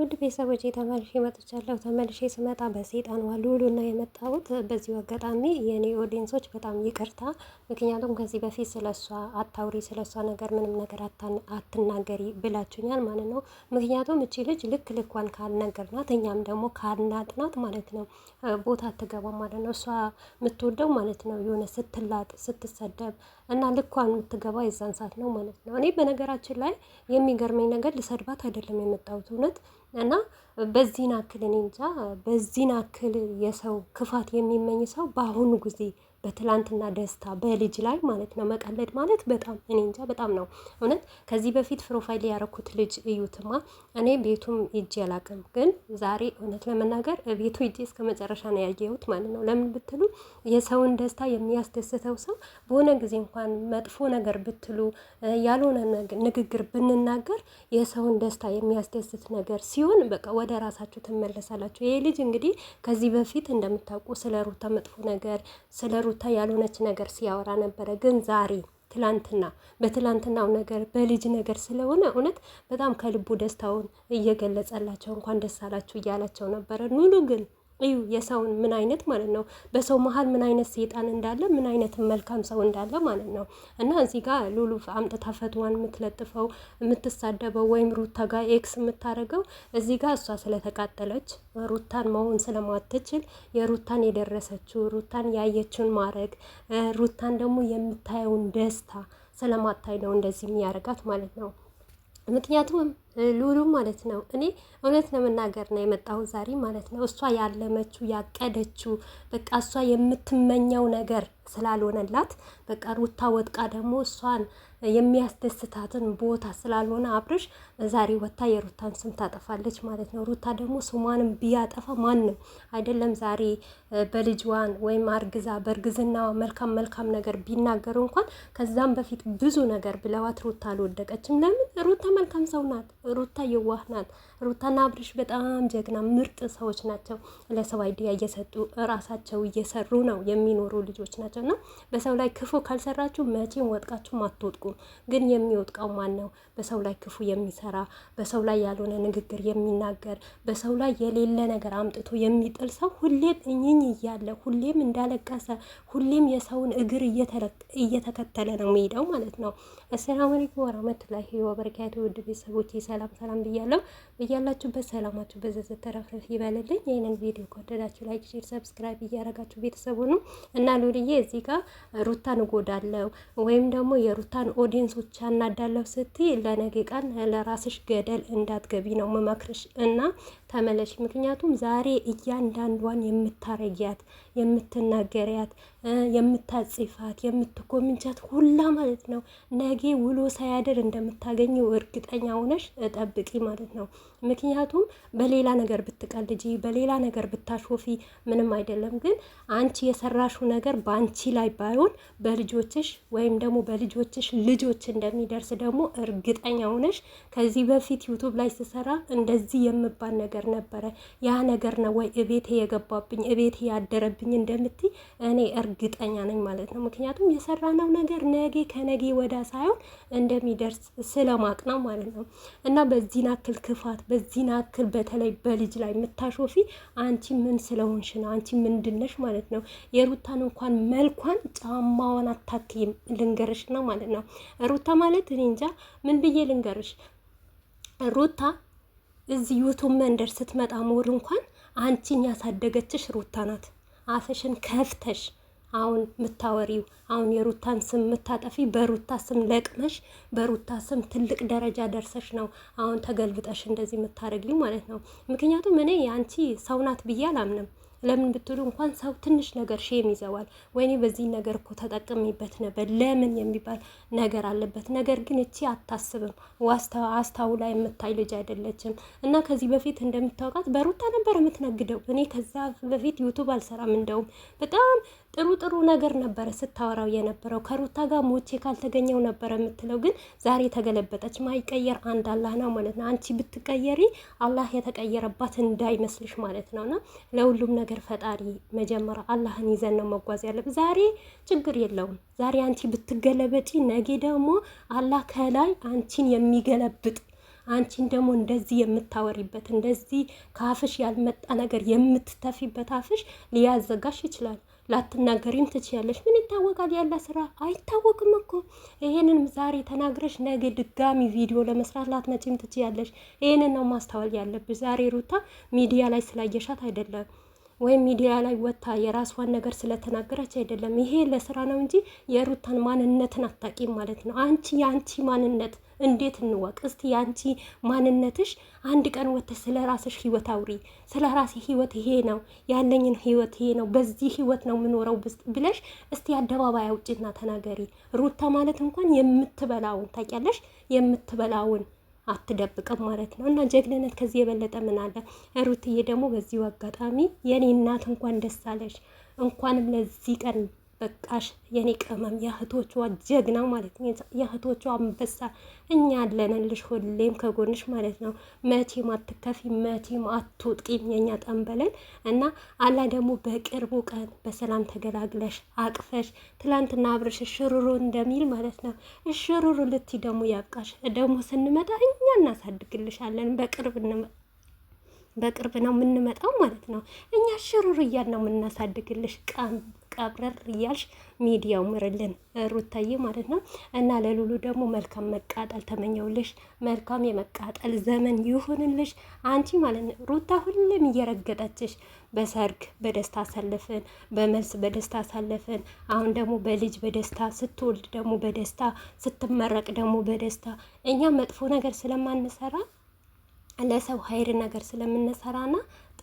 ውድ ቤተሰቦች ተመልሼ መጥቻለሁ። ተመልሼ ስመጣ በሴጣን ዋልሉ እና የመጣሁት በዚሁ አጋጣሚ የእኔ ኦዲየንሶች በጣም ይቅርታ። ምክንያቱም ከዚህ በፊት ስለሷ አታውሪ፣ ስለሷ ነገር ምንም ነገር አትናገሪ ብላችሁኛል ማለት ነው። ምክንያቱም እቺ ልጅ ልክ ልኳን ካልነገርናት እኛም ደግሞ ካልናጥናት ማለት ነው ቦታ አትገባም ማለት ነው። እሷ የምትወደው ማለት ነው የሆነ ስትላጥ ስትሰደብ እና ልኳን የምትገባ የዛን ሰዓት ነው ማለት ነው። እኔ በነገራችን ላይ የሚገርመኝ ነገር ልሰድባት አይደለም የመጣሁት እውነት እና በዚህን አክል እኔ እንጃ በዚህን አክል የሰው ክፋት የሚመኝ ሰው በአሁኑ ጊዜ በትላንትና ደስታ በልጅ ላይ ማለት ነው መቀለድ ማለት በጣም እኔ እንጃ በጣም ነው እውነት። ከዚህ በፊት ፕሮፋይል ያረኩት ልጅ እዩትማ። እኔ ቤቱም እጅ ያላቅም፣ ግን ዛሬ እውነት ለመናገር ቤቱ እጅ እስከ መጨረሻ ነው ያየሁት ማለት ነው። ለምን ብትሉ የሰውን ደስታ የሚያስደስተው ሰው በሆነ ጊዜ እንኳን መጥፎ ነገር ብትሉ ያልሆነ ንግግር ብንናገር የሰውን ደስታ የሚያስደስት ነገር ሲሆን በቃ ወደ ራሳችሁ ትመለሳላችሁ። ይሄ ልጅ እንግዲህ ከዚህ በፊት እንደምታውቁ ስለ ሩታ መጥፎ ነገር ስለ ሩታ ያልሆነች ነገር ሲያወራ ነበረ። ግን ዛሬ ትላንትና በትላንትናው ነገር በልጅ ነገር ስለሆነ እውነት በጣም ከልቡ ደስታውን እየገለጸላቸው እንኳን ደስ አላችሁ እያላቸው ነበረ ኑሉ ግን እዩ የሰውን ምን አይነት ማለት ነው፣ በሰው መሀል ምን አይነት ሰይጣን እንዳለ፣ ምን አይነት መልካም ሰው እንዳለ ማለት ነው። እና እዚህ ጋር ሉሉ አምጥታ ፈትዋን የምትለጥፈው የምትሳደበው፣ ወይም ሩታ ጋር ኤክስ የምታደርገው እዚህ ጋር እሷ ስለተቃጠለች ሩታን መሆን ስለማትችል የሩታን የደረሰችው ሩታን ያየችውን ማድረግ ሩታን ደግሞ የምታየውን ደስታ ስለማታይ ነው እንደዚህ የሚያደርጋት ማለት ነው። ምክንያቱም ሉሉ ማለት ነው። እኔ እውነት ለመናገር ነው የመጣሁ ዛሬ ማለት ነው። እሷ ያለመችው ያቀደችው በቃ እሷ የምትመኘው ነገር ስላልሆነላት በቃ ሩታ ወጥቃ ደግሞ እሷን የሚያስደስታትን ቦታ ስላልሆነ አብርሽ ዛሬ ወታ የሩታን ስም ታጠፋለች ማለት ነው። ሩታ ደግሞ ስሟንም ቢያጠፋ ማንም አይደለም ዛሬ በልጅዋን ወይም አርግዛ በእርግዝናዋ መልካም መልካም ነገር ቢናገሩ እንኳን ከዛም በፊት ብዙ ነገር ብለዋት ሩታ አልወደቀችም። ለምን ሩታ መልካም ሰው ናት። ሩታ የዋህ ናት። ሩታና አብርሽ በጣም ጀግና ምርጥ ሰዎች ናቸው። ለሰው አይዲያ እየሰጡ ራሳቸው እየሰሩ ነው የሚኖሩ ልጆች ናቸው እና በሰው ላይ ክፉ ካልሰራችሁ መቼም ወጥቃችሁ አትወጥቁም። ግን የሚወጥቀው ማን ነው? በሰው ላይ ክፉ የሚሰራ በሰው ላይ ያልሆነ ንግግር የሚናገር በሰው ላይ የሌለ ነገር አምጥቶ የሚጥል ሰው ሁሌም እኝኝ እያለ ሁሌም እንዳለቀሰ ሁሌም የሰውን እግር እየተከተለ ነው የሚሄደው ማለት ነው። አሰላሙ አለይኩም ወረመቱላ ወበረካቱ ውድ ቤተሰቦች ሰላም ሰላም ብያለሁ። እያላችሁበት ሰላማችሁ በዘዘ ተረፍረፍ ይበልልኝ። ይህንን ቪዲዮ ከወደዳችሁ ላይክ፣ ሼር፣ ሰብስክራይብ እያረጋችሁ ቤተሰቡ ነው እና ሉልዬ እዚህ ጋር ሩታን እጎዳለሁ ወይም ደግሞ የሩታን ኦዲየንሶች አናዳለሁ ስትይ ለነገ ቀን ለራስሽ ገደል እንዳትገቢ ነው መመክርሽ እና ተመለሽ። ምክንያቱም ዛሬ እያንዳንዷን የምታረጊያት፣ የምትናገሪያት፣ የምታጽፋት፣ የምትኮምንቻት ሁላ ማለት ነው ነገ ውሎ ሳያደር እንደምታገኘው እርግጠኛ ሆነሽ ጠብቂ ማለት ነው። ምክንያቱም በሌላ ነገር ብትቀልጂ፣ በሌላ ነገር ብታሾፊ ምንም አይደለም። ግን አንቺ የሰራሽው ነገር በአንቺ ላይ ባይሆን በልጆችሽ ወይም ደግሞ በልጆችሽ ልጆች እንደሚደርስ ደግሞ እርግጠኛ ሆነሽ ከዚህ በፊት ዩቱብ ላይ ስሰራ እንደዚህ የምባል ነገር ነገር ነበረ። ያ ነገር ነው ወይ እቤቴ የገባብኝ እቤቴ ያደረብኝ እንደምት እኔ እርግጠኛ ነኝ ማለት ነው። ምክንያቱም የሰራነው ነገር ነጌ ከነጌ ወዳ ሳይሆን እንደሚደርስ ስለማቅ ነው ማለት ነው። እና በዚህ ናክል ክፋት በዚህ ናክል በተለይ በልጅ ላይ የምታሾፊ አንቺ ምን ስለሆንሽ ነው? አንቺ ምንድነሽ ማለት ነው። የሩታን እንኳን መልኳን ጫማዋን አታክይም ልንገርሽ ነው ማለት ነው። ሩታ ማለት እኔ እንጃ ምን ብዬ ልንገርሽ ሩታ እዚህ ዩቱብ መንደር ስትመጣ ሞር እንኳን አንቺን ያሳደገችሽ ሩታ ናት። አፈሽን ከፍተሽ አሁን ምታወሪው አሁን የሩታን ስም ምታጠፊ በሩታ ስም ለቅመሽ በሩታ ስም ትልቅ ደረጃ ደርሰሽ ነው አሁን ተገልብጠሽ እንደዚህ የምታደርጊው ማለት ነው። ምክንያቱም እኔ የአንቺ ሰው ናት ብዬ አላምንም። ለምን ብትሉ እንኳን ሰው ትንሽ ነገር ሼም ይዘዋል። ወይኔ በዚህ ነገር እኮ ተጠቅሚበት ነበር ለምን የሚባል ነገር አለበት። ነገር ግን እቺ አታስብም፣ አስታው ላይ የምታይ ልጅ አይደለችም። እና ከዚህ በፊት እንደምታውቃት በሩጣ ነበር የምትነግደው። እኔ ከዛ በፊት ዩቱብ አልሰራም። እንደውም በጣም ጥሩ ጥሩ ነገር ነበረ ስታወራው የነበረው ከሩታ ጋር ሞቼ ካልተገኘው ነበረ የምትለው። ግን ዛሬ ተገለበጠች። ማይቀየር አንድ አላህ ነው ማለት ነው። አንቺ ብትቀየሪ አላህ የተቀየረባት እንዳይመስልሽ ማለት ነውና ለሁሉም ነገር ነገር ፈጣሪ መጀመሪያ አላህን ይዘን ነው መጓዝ ያለብን። ዛሬ ችግር የለውም። ዛሬ አንቺ ብትገለበጪ፣ ነገ ደግሞ አላህ ከላይ አንቺን የሚገለብጥ አንቺን ደግሞ እንደዚህ የምታወሪበት እንደዚህ ከአፍሽ ያልመጣ ነገር የምትተፊበት አፍሽ ሊያዘጋሽ ይችላል። ላትናገሪም ትችያለሽ። ምን ይታወቃል? ያለ ስራ አይታወቅም እኮ ይሄንን ዛሬ ተናግረሽ ነገ ድጋሚ ቪዲዮ ለመስራት ላትመጪም ትችያለሽ። ይሄንን ነው ማስተዋል ያለብሽ። ዛሬ ሩታ ሚዲያ ላይ ስላየሻት አይደለም ወይም ሚዲያ ላይ ወጥታ የራሷን ነገር ስለተናገረች አይደለም። ይሄ ለስራ ነው እንጂ የሩታን ማንነትን አታቂም ማለት ነው። አንቺ የአንቺ ማንነት እንዴት እንወቅ እስቲ? የአንቺ ማንነትሽ አንድ ቀን ወጥተሽ ስለ ራስሽ ህይወት አውሪ። ስለ ራሴ ህይወት ይሄ ነው ያለኝን ህይወት ይሄ ነው በዚህ ህይወት ነው የምኖረው ብለሽ እስቲ አደባባይ አውጭና ተናገሪ። ሩታ ማለት እንኳን የምትበላውን ታውቂያለሽ፣ የምትበላውን አትደብቅም ማለት ነው። እና ጀግንነት ከዚህ የበለጠ ምን አለ? ሩትዬ ደግሞ በዚሁ አጋጣሚ የኔ እናት እንኳን ደስ አለሽ፣ እንኳንም ለዚህ ቀን በቃሽ የኔ ቅመም የእህቶቿ ጀግና ማለት ነው። የእህቶቿ አንበሳ እኛ ያለንልሽ ሁሌም ከጎንሽ ማለት ነው። መቼም አትከፊ፣ መቼም አትውጥቂም የኛ ጠንበለን እና አላ ደግሞ በቅርቡ ቀን በሰላም ተገላግለሽ አቅፈሽ ትላንትና አብረሽ ሽሩሩ እንደሚል ማለት ነው። እሽሩሩ ልቲ ደግሞ ያብቃሽ። ደግሞ ስንመጣ እኛ እናሳድግልሻለን። በቅርብ በቅርብ ነው የምንመጣው ማለት ነው። እኛ ሽሩር እያል ነው የምናሳድግልሽ ቀን ቀብረር እያልሽ ሚዲያው ምርልን ሩታዬ ማለት ነው። እና ለሉሉ ደግሞ መልካም መቃጠል ተመኘውልሽ። መልካም የመቃጠል ዘመን ይሁንልሽ አንቺ ማለት ነው። ሩታ ሁሌም እየረገጠችሽ በሰርግ በደስታ አሳለፍን፣ በመልስ በደስታ አሳለፍን። አሁን ደግሞ በልጅ በደስታ ስትወልድ ደግሞ በደስታ ስትመረቅ ደግሞ በደስታ እኛ መጥፎ ነገር ስለማንሰራ ለሰው ሀይር ነገር ስለምንሰራና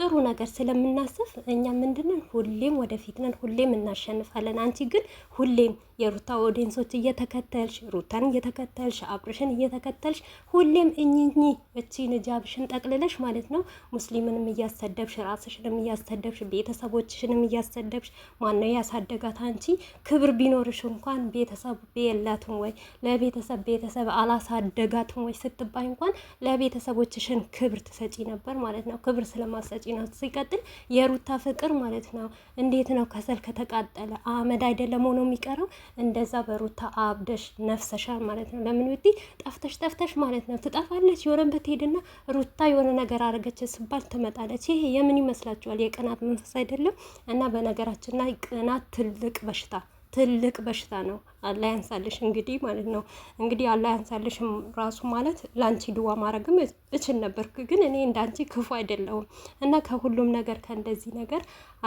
ጥሩ ነገር ስለምናስብ እኛ ምንድነን ሁሌም ወደፊት ነን፣ ሁሌም እናሸንፋለን። አንቺ ግን ሁሌም የሩታ ኦዲንሶች እየተከተልሽ ሩታን እየተከተልሽ አብርሽን እየተከተልሽ ሁሌም እኝኝ እቺ ንጃብሽን ጠቅልለሽ ማለት ነው ሙስሊምንም እያሰደብሽ ራስሽንም እያሰደብሽ ቤተሰቦችሽንም እያሰደብሽ ማነው ያሳደጋት? አንቺ ክብር ቢኖርሽ እንኳን ቤተሰብ የላትም ወይ ለቤተሰብ ቤተሰብ አላሳደጋትም ወይ ስትባይ እንኳን ለቤተሰቦችሽን ክብር ትሰጪ ነበር ማለት ነው። ክብር ስለማሰጪ ናት። ሲቀጥል የሩታ ፍቅር ማለት ነው እንዴት ነው ከሰል ከተቃጠለ አመድ አይደለም ሆኖ የሚቀረው። እንደዛ በሩታ አብደሽ ነፍሰሻል ማለት ነው። ለምን ውጤ ጠፍተሽ ጠፍተሽ ማለት ነው ትጠፋለች። የሆነበት ሄድና ሩታ የሆነ ነገር አረገች ስባል ትመጣለች። ይሄ የምን ይመስላችኋል? የቅናት መንፈስ አይደለም እና በነገራችን ላይ ቅናት ትልቅ በሽታ ትልቅ በሽታ ነው። አላህ ያንሳልሽ እንግዲህ ማለት ነው። እንግዲህ አላህ ያንሳልሽም ራሱ ማለት ላንቺ ድዋ ማድረግም እችል ነበር፣ ግን እኔ እንዳንቺ ክፉ አይደለሁም እና ከሁሉም ነገር ከእንደዚህ ነገር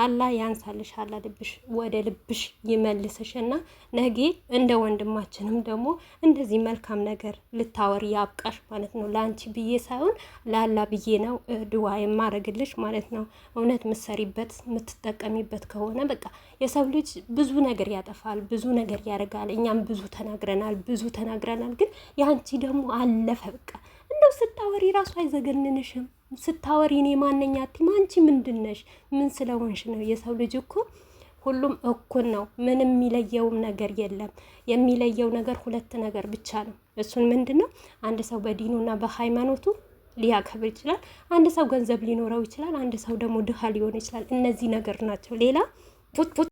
አላህ ያንሳልሽ፣ አላህ ልብሽ ወደ ልብሽ ይመልስሽ እና ነገ እንደ ወንድማችንም ደግሞ እንደዚህ መልካም ነገር ልታወር ያብቃሽ ማለት ነው። ለአንቺ ብዬ ሳይሆን ለአላህ ብዬ ነው ድዋ የማረግልሽ ማለት ነው። እውነት ምትሰሪበት ምትጠቀሚበት ከሆነ በቃ የሰው ልጅ ብዙ ነገር ያጠፋል፣ ብዙ ነገር ያደርጋል እኛም ብዙ ተናግረናል፣ ብዙ ተናግረናል። ግን ያንቺ ደግሞ አለፈ በቃ። እንደው ስታወሪ ራሱ አይዘገንንሽም? ስታወሪ እኔ ማነኛ ቲም አንቺ ምንድነሽ? ምን ስለሆንሽ ነው? የሰው ልጅ እኮ ሁሉም እኩል ነው። ምንም የሚለየውም ነገር የለም። የሚለየው ነገር ሁለት ነገር ብቻ ነው። እሱን ምንድን ነው? አንድ ሰው በዲኑና በሃይማኖቱ ሊያከብር ይችላል። አንድ ሰው ገንዘብ ሊኖረው ይችላል። አንድ ሰው ደግሞ ድሃ ሊሆን ይችላል። እነዚህ ነገር ናቸው። ሌላ